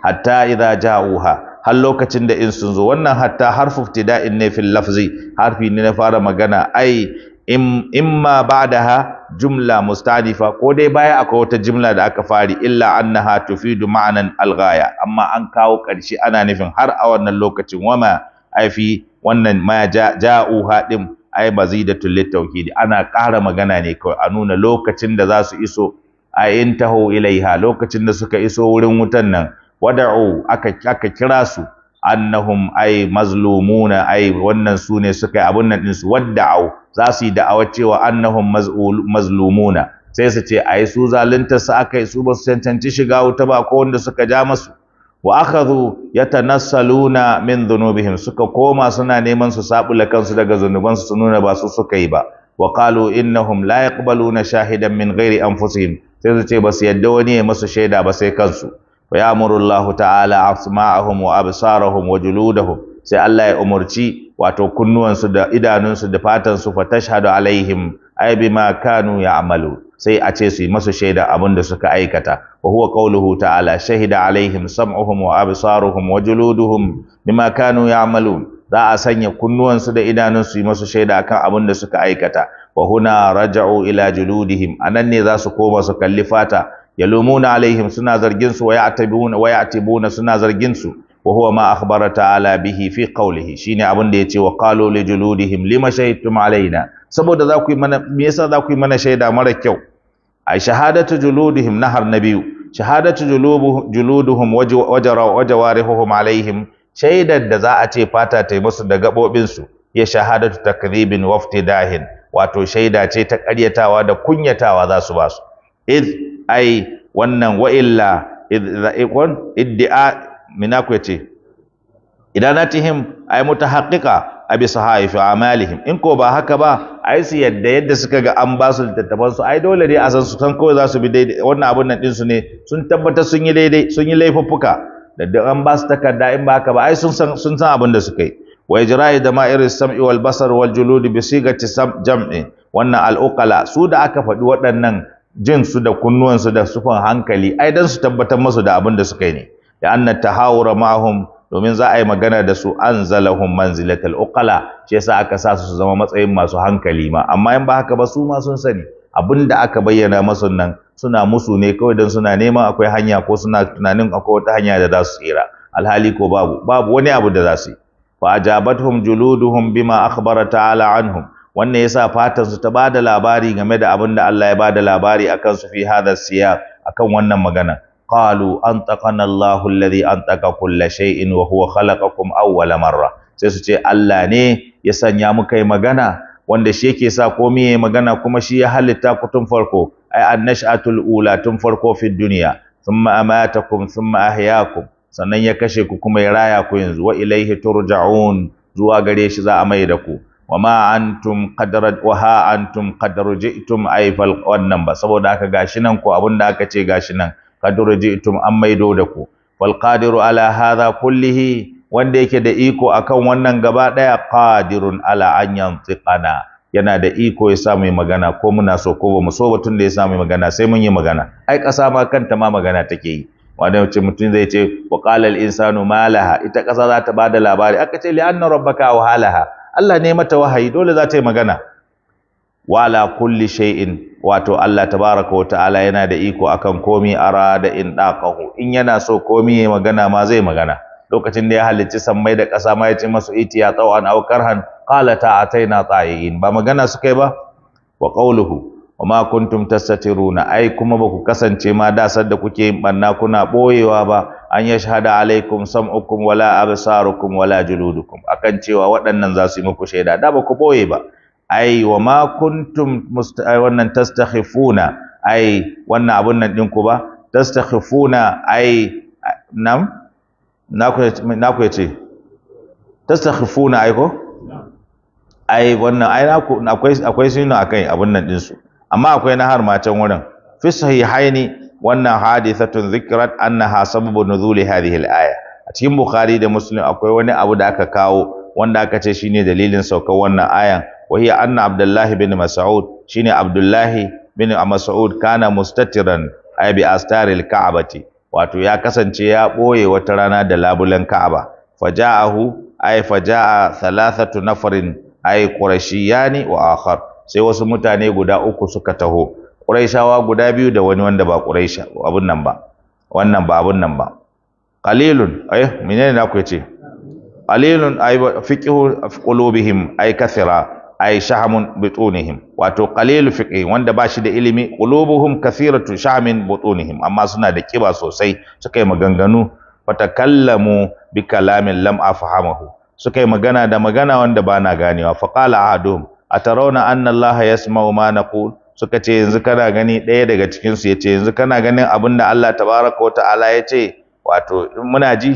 hatta idza ja'uha har lokacin da in sun zo wannan hatta harfu ibtida'in ne fil lafzi harfi ne na fara magana ai imma ba'daha jumla mustadifa ko dai baya akwai wata jumla da aka fari illa an annaha tufidu ma'anan alghaya amma an kawo ƙarshe ana nufin har a wannan lokacin wama ai fi wannan ma ja'u haɗin ai mazidatul litawhid ana ƙara magana ne kawai a nuna lokacin da za su iso a ilai ilaiha lokacin da suka iso wurin wutan nan wada'u aka aka kira su annahum ay mazlumuna ay wannan su ne suka yi abun nan din su wada'u za su yi da'awa cewa annahum mazlumuna sai su ce ai su zaluntar su aka yi su ba su cancanci shiga wuta ba ko wanda suka ja masu wa akhadhu yatanassaluna min dhunubihim suka koma suna neman su sabula kansu daga zunubansu su nuna ba su suka yi ba wa qalu innahum la yaqbaluna shahidan min ghairi anfusihim sai su ce ba su yadda wani ya masu shaida ba sai kansu ويأمر الله تعالى أسماعهم وأبصارهم وجلودهم sai Allah ya umarci, wato kunnuwansu da idanunsu da fatansu fa tashhadu alaihim ay bima kanu ya'malu sai a ce su yi masu shaida abin da suka aikata wa huwa qawluhu ta'ala shahida alaihim sam'uhum wa absaruhum wa juluduhum bima kanu ya'malun za a sanya kunnuwansu da idanunsu yi masu shaida akan abin da suka aikata wa huna raja'u ila juludihim a nan ne za su koma su kalli fata yalumuna alaihim suna zargin su waya atabuna waya atibuna suna zargin su wa huwa ma akhbara ta'ala bihi fi qawlihi shine abin da yace wa qalu li juludihim lima shahidtum alaina saboda za ku mana me yasa za ku yi mana shaida mara kyau ai shahadatu juludihim nahar nabiyu shahadatu juluduhum wajara wajawarihum alaihim shaidar da za a ce fata ta yi musu da gabobin su ya shahadatu takdhibin waftidahin wato shaida ce ta ƙaryatawa da kunyatawa za su ba ai wannan wa illa idha'ikun idda'a minakwati idanatihim ay mutahaqqiqa abi sahaif amalihim in ko ba haka ba ai su yadda yadda suka ga an ba su su ai dole dai a san su san kawai za su bi daidai wannan abun nan din su ne sun tabbata sun yi daidai sun yi laifuffuka da duk an basu takarda in ba haka ba ai sun san sun san abin da suka yi wa ijra'i da ma'ir sam'i wal basar wal julud bi sigati jam'i wannan al'uqala su da aka faɗi waɗannan jin su da kunnuwansu da sufan hankali ai dan su tabbatar musu da abin da suka yi ne da anna tahawura mahum domin za a yi magana da su anzalahum manzilatal uqala shi yasa aka sa su zama matsayin masu hankali ma amma in ba haka ba su ma sun sani abin da aka bayyana musu nan suna musu ne kawai dan suna neman akwai hanya ko suna tunanin akwai wata hanya da za su tsira alhali ko babu babu wani abu da za su yi fa ajabathum juluduhum bima akhbara ta'ala anhum wannan yasa fatan su ta da labari game da abin da Allah ya ba da labari akan su fi siya siyaq akan wannan magana qalu antaqana Allahu an antaqa kulle shay'in wa huwa kum awwala marra sai su ce Allah ne ya sanya muka yi magana wanda shi yake sa komai ya magana kuma shi ya halitta ku tun farko ai annashatul ula tun farko fi duniya thumma amatakum thumma ahyaakum sannan ya kashe ku kuma ya raya ku yanzu wa ilaihi turja'un zuwa gare shi za a mai da ku wama antum qadara wa antum qadru ji'tum ayfal wannan ba saboda haka gashi nan ko abinda aka ce gashi nan qadru ji'tum an maido da ku wal qadiru ala hadha kullihi wanda yake da iko akan wannan gaba daya qadirun ala an yantiqana yana da iko ya sa yi magana ko muna so ko ba mu so batun da ya sa mai magana sai mun yi magana ai kasa ma kanta ma magana take yi wanda mace mutum zai ce wa qala al insanu laha? ita kasa za ta bada labari aka ce li anna rabbaka wahalaha Allah ne mata wahayi dole za ta yi magana wala kulli shay'in wato Allah tabaraka wa ta'ala yana da iko akan komi ara da in daqahu in yana so komi ya magana ma zai magana lokacin da ya halicci sammai da ƙasa ma ya ce masu itiya tawan aw karhan qala ta'ataina ta'iin ba magana suka yi ba wa qawluhu wa ma kuntum tastatiruna ai kuma ba ku kasance ma da sadda kuke yin banna kuna boyewa ba an shahada alaikum sam'ukum wala absarukum wala juludukum akan cewa waɗannan za su yi muku shaida da ba ku boye ba ai wa ma kuntum wannan tastakhifuna ai wannan abun nan din ku ba tastakhifuna ai nam na ku na ku yace tastakhifuna ai ko ai wannan ai akwai akwai sunu akai abun nan din su amma akwai na har ma can wurin fi sahihaini wannan hadithatun zikrat annaha sababu nuzuli hadhihi al-aya a cikin bukhari da muslim akwai wani abu da aka kawo wanda aka ce shine dalilin saukar wannan ayan wa hiya anna abdullahi bin mas'ud shine abdullahi bin mas'ud kana mustatiran ay bi astaril ka'bati wato ya kasance ya boye wata rana da labulen ka'aba faja'ahu ay faja'a thalathatu nafarin ay qurashiyani wa akhar sai wasu mutane guda uku suka taho Quraishawa guda biyu da wani wanda ba Quraisha abun nan ba wannan ba abun nan ba qalilun ay eh, menene naku yace qalilun ay fiqhu qulubihim ay kathira ay shahamun butunihim wato qalilu fiqhi wanda ba shi da ilimi qulubuhum kathiratu shahamin butunihim amma suna da kiba sosai suka yi maganganu fatakallamu bi kalamin lam afhamahu suka yi magana da magana wanda ba na ganewa faqala ahaduhum atarawna anna allaha yasma'u ma naqul suka ce yanzu kana gani ɗaya daga cikin su yace yanzu kana ganin abin da Allah tabaraka wa ta'ala ya ce wato muna ji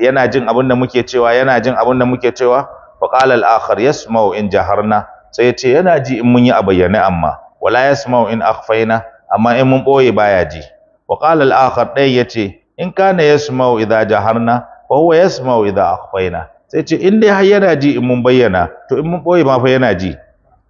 yana jin abin da muke cewa yana jin abin da muke cewa fa qala al-akhar yasma'u in jaharna sai yace yana ji in mun yi a bayyane amma wala yasma'u in akhfaina amma in mun boye baya ji wa qala al-akhar ɗaya yace in kana yasma'u idza jaharna fa huwa yasma'u idza akhfaina sai ce in dai har yana ji in mun bayyana to in mun boye ma fa yana ji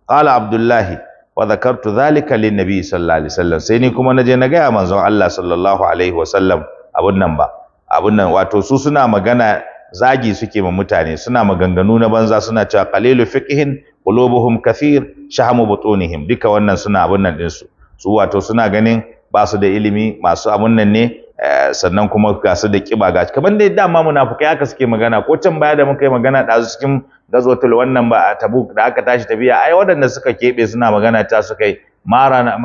qala abdullahi wa zakartu dhalika lin sallallahu alaihi wasallam sai ni kuma naje na gaya manzo Allah sallallahu alaihi wasallam abun nan ba abun nan wato su suna magana zagi suke ma mutane suna maganganu na banza suna cewa qalilu fiqhin qulubuhum kathir shahamu butunihim duka wannan suna abun nan din su su wato suna ganin ba su da ilimi masu abun nan ne eh, sannan kuma ga su da kiba ga kamar dai dama munafukai haka suke magana ko can baya da muka yi magana ɗazu cikin tul wannan ba a tabuk da aka tashi tafiya ai waɗanda suka keɓe suna magana ta su kai mara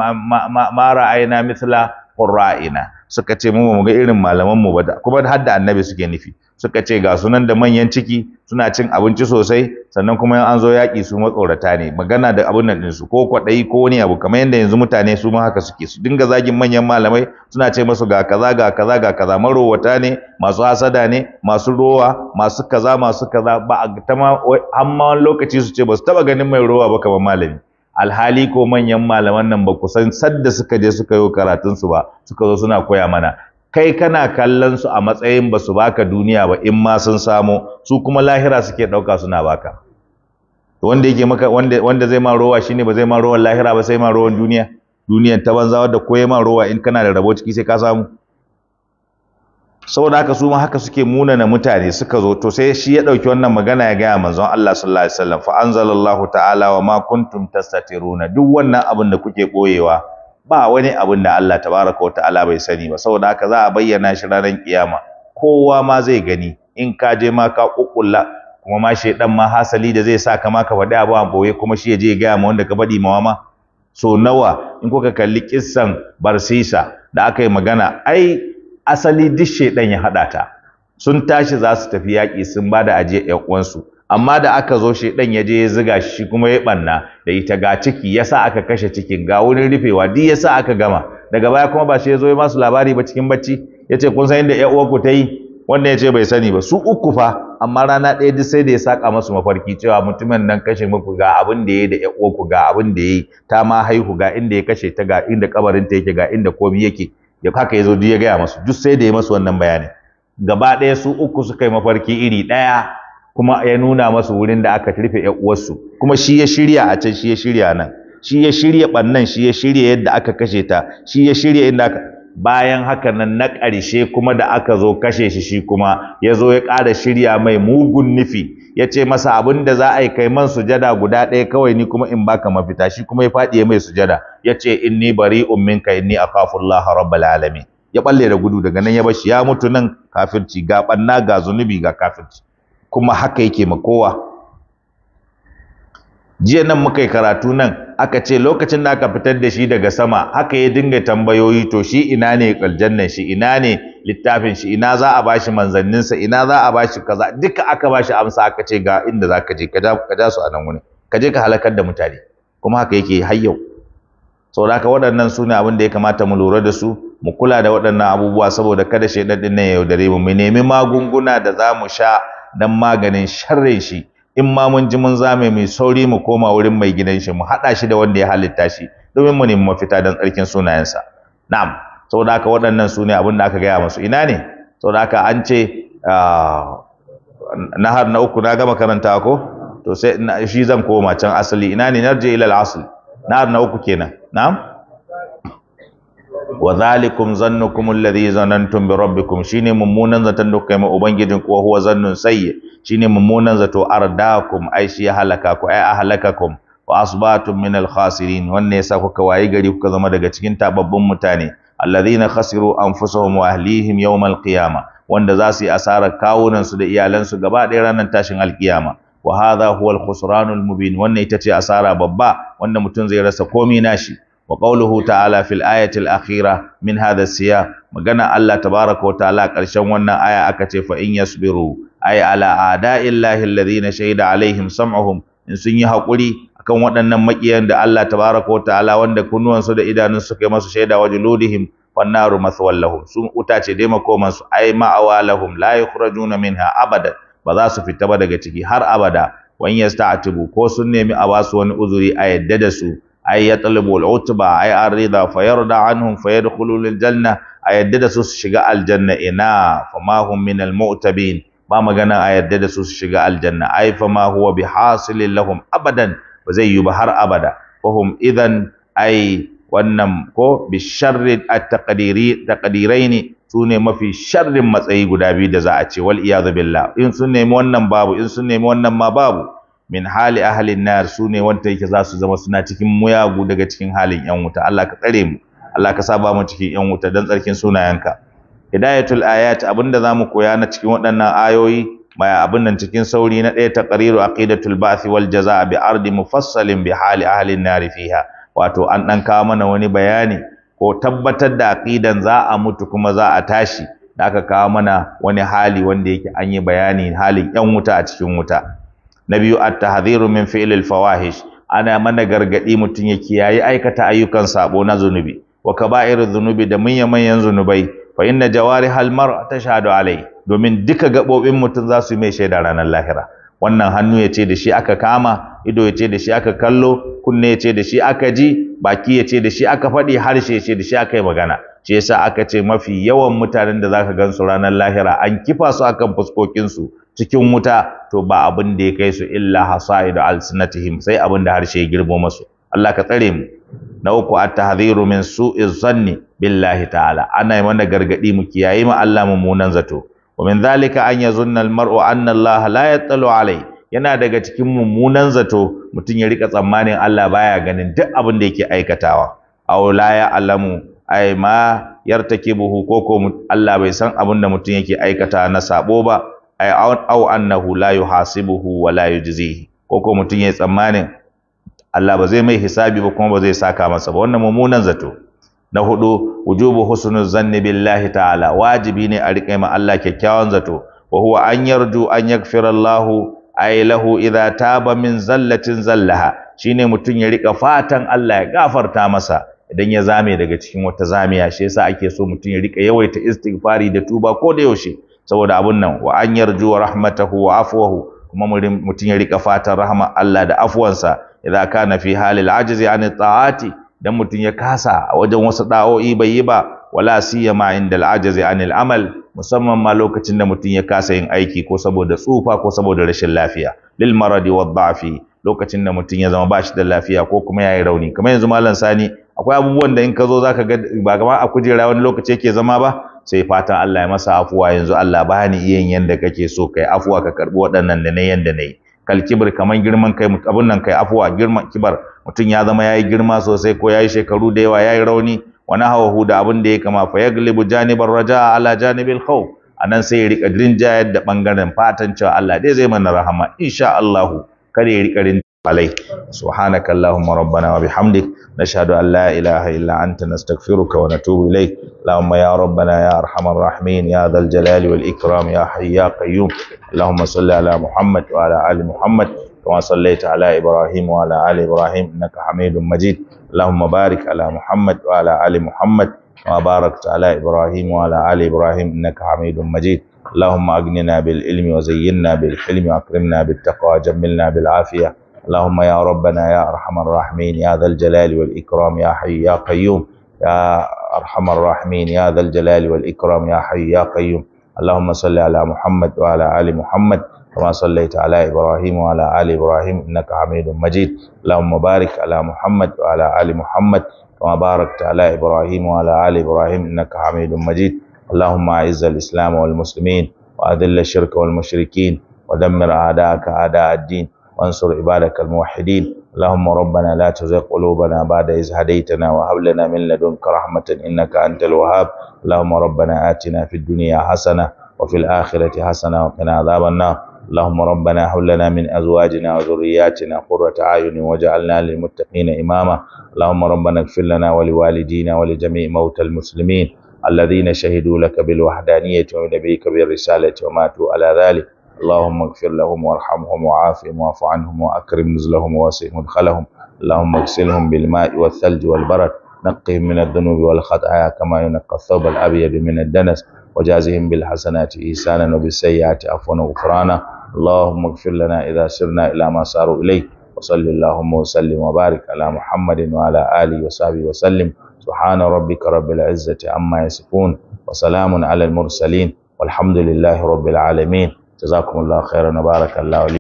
mara aina mithla qurra'ina suka ce mu mu ga irin malaman mu ba kuma har da annabi suke nufi suka ce ga sunan da manyan ciki suna cin abinci sosai sannan kuma an zo yaki su matsorata ne magana da abin nan su ko kwaɗayi ko wani abu kamar yadda yanzu mutane su ma haka suke su dinga zagin manyan malamai suna ce masu ga kaza ga kaza ga kaza marowata ne masu hasada ne masu rowa masu kaza masu kaza ba a ta ma amma lokaci su ce ba su taɓa ganin mai rowa ba kamar malami alhali ko manyan malaman nan ba ku san sadda suka je suka yi karatunsu ba suka zo suna koya mana kai kana kallon su a matsayin ba su baka duniya ba in ma sun samo su kuma lahira suke ɗauka suna baka wanda yake maka wanda wanda zai ma rowa shine ba zai ma rowan lahira ba sai ma rowan duniya duniyar ta banza wadda ko ma rowa in kana da rabo ciki sai ka samu saboda haka su ma haka suke munana mutane suka zo to sai shi ya dauki wannan magana ya gaya manzon Allah sallallahu alaihi wasallam fa anzalallahu ta'ala wa ma kuntum tastatiruna duk wannan abin da kuke boyewa ba wani abin da Allah tabaraka wa ta'ala bai sani ba saboda haka za a bayyana shi ranar kiyama kowa ma zai gani in ka je ma ka kukkulla kuma ma shedan ma hasali da zai sa ka ma ka faɗi abu a boye kuma shi ya je gaya ma wanda ka faɗi ma ma so nawa in kuka kalli kissan barsisa da aka yi magana ai asali duk shedan ya hada ta sun tashi za su tafi yaki sun bada da ajiye amma da aka zo shedan ya je ya ziga shi kuma ya banna da ita ga ciki yasa aka kashe cikin ga wurin rufewa duk yasa aka gama daga baya kuma ba shi ya zo ya masu labari ba cikin bacci yace ce kun san inda ƴan ta yi wannan ya ce bai sani ba su uku fa amma rana ɗaya duk sai da ya saka masu mafarki cewa mutumin nan kashe muku ga abin da ya yi da ƴan ga abin da ya yi ta ma haihu ga inda ya kashe ta ga inda kabarin ta yake ga inda komai yake ya haka yazo duk ya gaya masu duk sai da ya masu wannan bayanin gaba ɗaya su uku suka yi mafarki iri ɗaya kuma ya nuna masu wurin da aka rufe ƴan uwarsu kuma shi ya shirya a can shi ya shirya nan shi ya shirya bannan shi ya shirya yadda aka kashe ta shi ya shirya inda aka bayan haka nan na ƙarshe kuma da aka zo kashe shi shi kuma ya zo ya ƙara shirya mai mugun nufi ya ce masa abin da za a yi kai man sujada guda ɗaya kawai ni kuma in baka mafita shi kuma ya faɗi mai sujada ya ce inni bari'un minka inni a Allah rabbal alamin ya ɓalle da gudu daga nan ya bashi ya mutu nan kafirci ga ɓanna ga zunubi ga kafirci kuma haka yake ma kowa jiya nan muka yi karatu nan aka ce lokacin da aka fitar da shi daga sama haka ya dinga tambayoyi to shi ina ne aljannan shi ina ne littafin shi ina za a bashi sa, ina za a bashi kaza duka aka bashi amsa aka ce ga inda za ka je ka ja su a nan wuni ka je ka halakar da mutane kuma haka yake har yau saboda haka waɗannan su ne abin da ya kamata mu lura da su mu kula da waɗannan abubuwa saboda kada shaidan din nan ya yaudare mu mu nemi magunguna da za mu sha don maganin sharrin shi in ma mun ji mun zame mai sauri mu koma wurin mai gidan shi mu haɗa shi da wanda ya halitta shi domin mu nemi mafita don tsarkin sunayensa na'am saboda haka waɗannan su ne abin da aka gaya musu ina ne saboda haka an ce ah, na har na uku na gama karanta ko to sai shi zan koma can asali ina ne narje ila al-asl har na uku kenan na'am wa zalikum zannukum alladhi zanantum bi Shi ne mummunan zaton da kai ma ubangijin kuwa huwa zannun Shi ne mummunan zato ardakum ai shi halaka ku ai ahlakakum wa asbatum min al khasirin wannan yasa kuka wayi gari kuka zama daga cikin tababbun mutane alladhina khasiru anfusahum wa ahlihim yau al qiyamah wanda za su yi asarar kawunan su da iyalansu gaba ɗaya ranar tashin alkiyama wa haza huwa al khusranul mubin wannan ita ce asara babba wanda mutum zai rasa komai nashi wa qawluhu ta'ala fil ayati akhira Minha da Siya! magana Allah tabaraka wa ta'ala karshen wannan aya aka ce fa in yasbiru Ai ala a'da'illahi alladhina shahida alaihim sam'uhum in sun yi hakuri akan waɗannan makiyan da Allah tabaraka wa ta'ala wanda kunnuwansu da idanun suka yi masu shaida wa juludihim wannaru Su sun wuta ce dai makoman su ai ma'awalahum la yukhrajuna minha abada ba za su fita ba daga ciki har abada a yasta'tibu ko sun nemi a basu wani uzuri a yadda da su ay yatlubu al-utba ay ar-ridha fa yarda anhum fa yadkhulu janna a yarda da su su shiga aljanna ina fama ma hum min al-mu'tabin ba magana a yarda da su su shiga aljanna ai fa ma huwa bihasilin lahum abadan ba zai yi ba har abada fahum idan ai wannan ko bi sharri at-taqdiri sune mafi sharrin matsayi guda biyu da za a ce wal iyadu billah in sun nemi wannan babu in sun nemi wannan ma babu min hali ahlin nar ne wanda yake za su zama suna cikin muyagu daga cikin halin yan wuta Allah ka tsare mu Allah ka saba mu cikin yan wuta dan tsarkin sunayenka hidayatul ayat abinda mu koya na cikin waɗannan ayoyi ma abin nan cikin sauri na ɗaya taqriru aqidatul ba'th wal jazaa bi ardi mufassalin bi hali ahalin nar fiha wato an dan kawo mana wani bayani ko tabbatar da aqidan za a mutu kuma za a tashi da aka kawo mana wani hali wanda yake an yi bayani halin yan wuta a cikin wuta na biyu at-tahdhiru min fi'lil fawahish ana mana gargadi mutun ya kiyaye aikata ayyukan sabo na zunubi wa kaba'irudh zunubi da manyan manyan zunubai fa inna jawarihal tasha tashhadu alai domin duka gabobin mutun zasu mai shaida ranar lahira wannan hannu ya da shi aka kama ido ya da shi aka kallo kunne yace ce da shi aka ji baki ya da shi aka faɗi harshe ya da shi aka yi magana shi aka ce mafi yawan mutanen da zaka gansu ranar lahira an kifa su akan fuskokin su cikin wuta to ba abin da ya kai su illa hasaidu alsinatihim sai abin da harshe ya girbo masu Allah ka tsare mu na uku at-tahdhiru min su'i zanni billahi ta'ala ana yi mana gargadi mu kiyaye mu Allah munan zato wa min dhalika an yazunna al-mar'u anna Allah la yattalu alai. yana daga cikin mummunan zato mutum ya rika tsammanin Allah baya ganin duk abin da yake aikatawa aw la ya'lamu ai ma yartakibuhu ko ko Allah bai san abin da mutum yake aikata na sabo ba ai au annahu la yuhasibuhu wa la yujzihi ko ko mutum yayi tsammanin Allah ba zai mai hisabi ba kuma ba zai saka masa ba wannan mummunan zato na hudu wujubu husnul zanni billahi ta'ala wajibi ne a rike ma Allah kyakkyawan zato wa huwa an yarju an yaghfira Allah ai lahu idza taba min zallatin zallaha shine mutum ya rika fatan Allah ya gafarta masa idan ya zame daga cikin wata zamiya shi yasa ake so mutum ya rika yawaita istighfari da tuba ko da yaushe saboda abun nan wa an yarju rahmatahu wa afwahu kuma mutum ya rika fatan rahmar Allah da afwansa idza kana fi halil ajzi an ta'ati dan mutum ya kasa a wajen wasu da'o'i bai yi ba wala siyama indal ajzi anil amal musamman ma lokacin da mutum ya kasa yin aiki ko saboda tsufa ko saboda rashin lafiya lil maradi wad da'fi lokacin da mutum ya zama bashi da lafiya ko kuma yayi rauni kamar yanzu malam sani akwai abubuwan da in ka zo zaka ga ba gama a kujera wani lokaci yake zama ba sai fatan Allah ya masa afuwa yanzu Allah ba ni iyan yanda kake so kai afuwa ka karbi waɗannan da na yanda nayi kal kibir kaman girman kai abun nan kai afuwa girman kibar mutum ya zama yayi girma sosai ko yayi shekaru da yawa yayi rauni wani hawahu da abin da ya kama fa yaglibu janibar raja ala janibil a nan sai ya rika rinjayar da bangaren fatan cewa Allah dai zai mana rahama insha Allah kada ya rika عليه سبحانك اللهم ربنا وبحمدك نشهد أن لا إله إلا أنت نستغفرك ونتوب إليك اللهم يا ربنا يا أرحم الراحمين يا ذا الجلال والإكرام يا حي يا قيوم اللهم صل على محمد وعلى آل محمد كما صليت على إبراهيم وعلى آل إبراهيم إنك حميد مجيد اللهم بارك على محمد وعلى آل محمد وباركت على إبراهيم وعلى آل إبراهيم إنك حميد مجيد اللهم أغننا بالعلم وزينا بالحلم وأكرمنا بالتقوى وجملنا بالعافية اللهم يا ربنا يا أرحم الراحمين يا ذا الجلال والإكرام يا حي يا قيوم يا أرحم الراحمين يا ذا الجلال والإكرام يا حي يا قيوم اللهم صل على محمد وعلى آل محمد كما صليت على إبراهيم وعلى آل إبراهيم إنك حميد مجيد اللهم بارك على محمد وعلى آل محمد كما باركت على إبراهيم وعلى آل إبراهيم إنك حميد مجيد اللهم أعز الإسلام والمسلمين وأذل الشرك والمشركين ودمر أعداءك أعداء الدين وانصر عبادك الموحدين اللهم ربنا لا تزغ قلوبنا بعد إذ هديتنا وهب لنا من لدنك رحمة إنك أنت الوهاب اللهم ربنا آتنا في الدنيا حسنة وفي الآخرة حسنة وقنا عذاب النار اللهم ربنا هب لنا من أزواجنا وذرياتنا قرة أعين واجعلنا للمتقين إماما اللهم ربنا اغفر لنا ولوالدينا ولجميع موتى المسلمين الذين شهدوا لك بالوحدانية ونبيك بالرسالة وماتوا على ذلك اللهم اغفر لهم وارحمهم وعافهم واعف عنهم وأكرم نزلهم واسع مدخلهم اللهم اغسلهم بالماء والثلج والبرد نقهم من الذنوب والخطايا كما ينقى الثوب الأبيض من الدنس وجازهم بالحسنات إحسانا وبالسيئات عفوا وغفرانا اللهم اغفر لنا إذا سرنا إلى ما ساروا إليه وصل اللهم وسلم وبارك على محمد وعلى آله وصحبه وسلم سبحان ربك رب العزة عما يصفون وسلام على المرسلين والحمد لله رب العالمين جزاكم الله خيرا وبارك الله لي